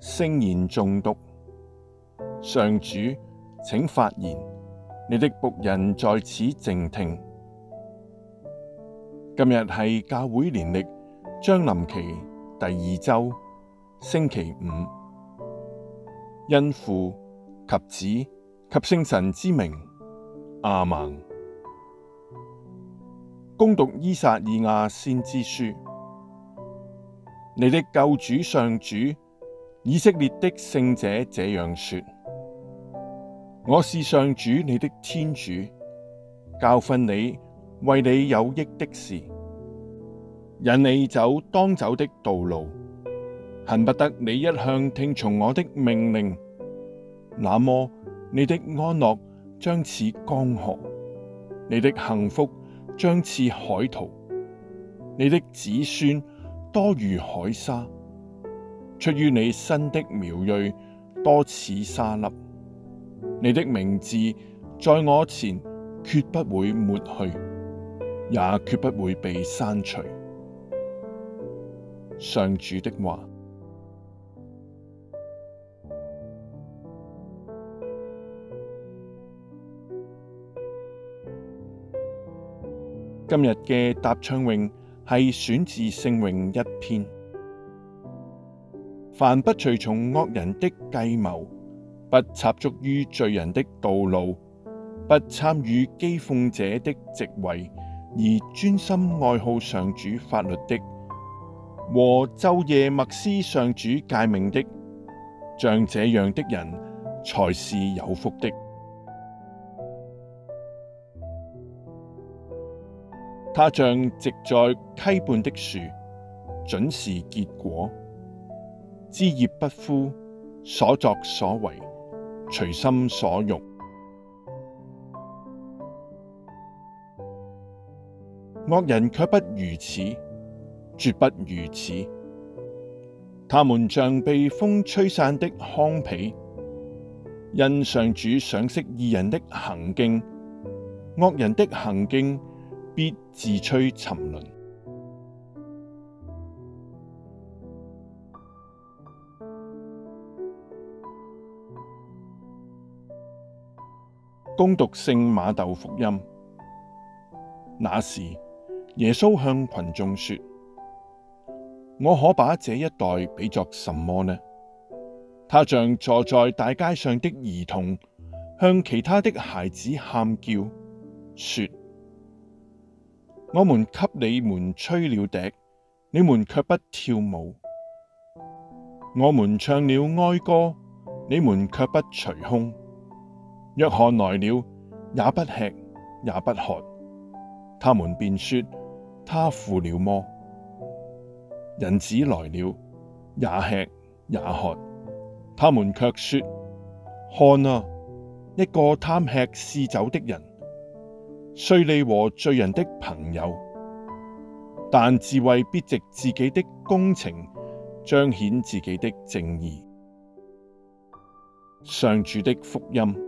聖言誦讀，上主，請發言，你的僕人在此靜聽。今日係教會年曆將臨期第二周，星期五，因父及子及聖神之名，阿們，恭讀《依撒意亞先知書》，你的救主上主。以色列的聖者這樣說：我是上主你的天主，教訓你，為你有益的事，引你走當走的道路，恨不得你一向聽從我的命令。那麼你的安樂將似江河，你的幸福將似海濤，你的子孫多如海沙。出於你身的苗裔多似沙粒，你的名字在我前決不會抹去，也決不會被刪除。上主的話。今日嘅答唱詠係選自聖詠一篇。凡不隨從惡人的計謀，不插足於罪人的道路，不參與譏諷者的席位，而專心愛好上主法律的，和晝夜默思上主誡命的，像這樣的人才是有福的。他像植在溪畔的樹，準時結果。知業不呼，所作所為隨心所欲。惡人卻不如此，絕不如此。他們像被風吹散的糠皮，因上主賞識異人的行徑，惡人的行徑必自吹沉淪。恭讀聖瑪竇福音，那時耶穌向群眾說：我可把這一代比作什麼呢？他像坐在大街上的兒童，向其他的孩子喊叫，說：我們給你們吹了笛，你們卻不跳舞；我們唱了哀歌，你們卻不捶胸。若翰來了，也不吃，也不喝，他們便說他附了魔。人子來了，也吃也喝，他們卻說看啊，一個貪吃嗜酒的人，稅吏和罪人的朋友，但智慧必藉自己的工程，彰顯自己的正義。上主的福音。